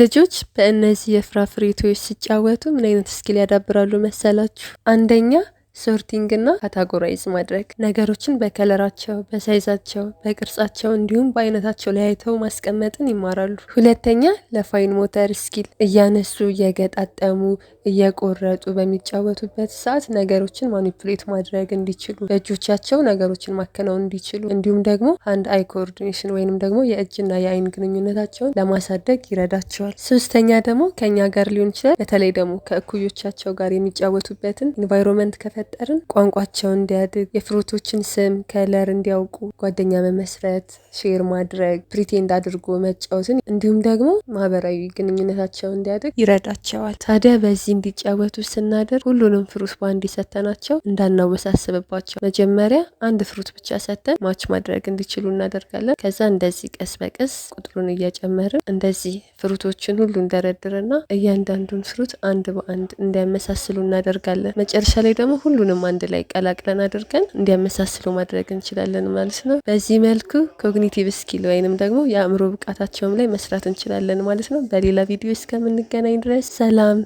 ልጆች በእነዚህ የፍራፍሬ ሲጫወቱ ምን አይነት እስኪል ያዳብራሉ መሰላችሁ? አንደኛ ሶርቲንግ እና ካታጎራይዝ ማድረግ ነገሮችን በከለራቸው፣ በሳይዛቸው፣ በቅርጻቸው እንዲሁም በአይነታቸው ለያይተው ማስቀመጥን ይማራሉ። ሁለተኛ ለፋይን ሞተር ስኪል እያነሱ እየገጣጠሙ እየቆረጡ በሚጫወቱበት ሰዓት ነገሮችን ማኒፕሌት ማድረግ እንዲችሉ በእጆቻቸው ነገሮችን ማከናወን እንዲችሉ እንዲሁም ደግሞ አንድ አይ ኮኦርዲኔሽን ወይንም ደግሞ የእጅና የአይን ግንኙነታቸውን ለማሳደግ ይረዳቸዋል። ሶስተኛ ደግሞ ከኛ ጋር ሊሆን ይችላል በተለይ ደግሞ ከእኩዮቻቸው ጋር የሚጫወቱበትን ኢንቫይሮንመንት ከፈ ከፈጠርን ቋንቋቸውን እንዲያድግ፣ የፍሩቶችን ስም ከለር እንዲያውቁ፣ ጓደኛ መመስረት፣ ሼር ማድረግ፣ ፕሪቴንድ አድርጎ መጫወትን እንዲሁም ደግሞ ማህበራዊ ግንኙነታቸው እንዲያድግ ይረዳቸዋል። ታዲያ በዚህ እንዲጫወቱ ስናደርግ ሁሉንም ፍሩት በአንድ ሰተናቸው እንዳናወሳስብባቸው መጀመሪያ አንድ ፍሩት ብቻ ሰተን ማች ማድረግ እንዲችሉ እናደርጋለን። ከዛ እንደዚህ ቀስ በቀስ ቁጥሩን እየጨመርን እንደዚህ ፍሩቶችን ሁሉ እንደረድርና እያንዳንዱን ፍሩት አንድ በአንድ እንዲያመሳስሉ እናደርጋለን። መጨረሻ ላይ ደግሞ ሁሉንም አንድ ላይ ቀላቅለን አድርገን እንዲያመሳስሉ ማድረግ እንችላለን ማለት ነው። በዚህ መልኩ ኮግኒቲቭ ስኪል ወይንም ደግሞ የአእምሮ ብቃታቸውም ላይ መስራት እንችላለን ማለት ነው። በሌላ ቪዲዮ እስከምንገናኝ ድረስ ሰላም።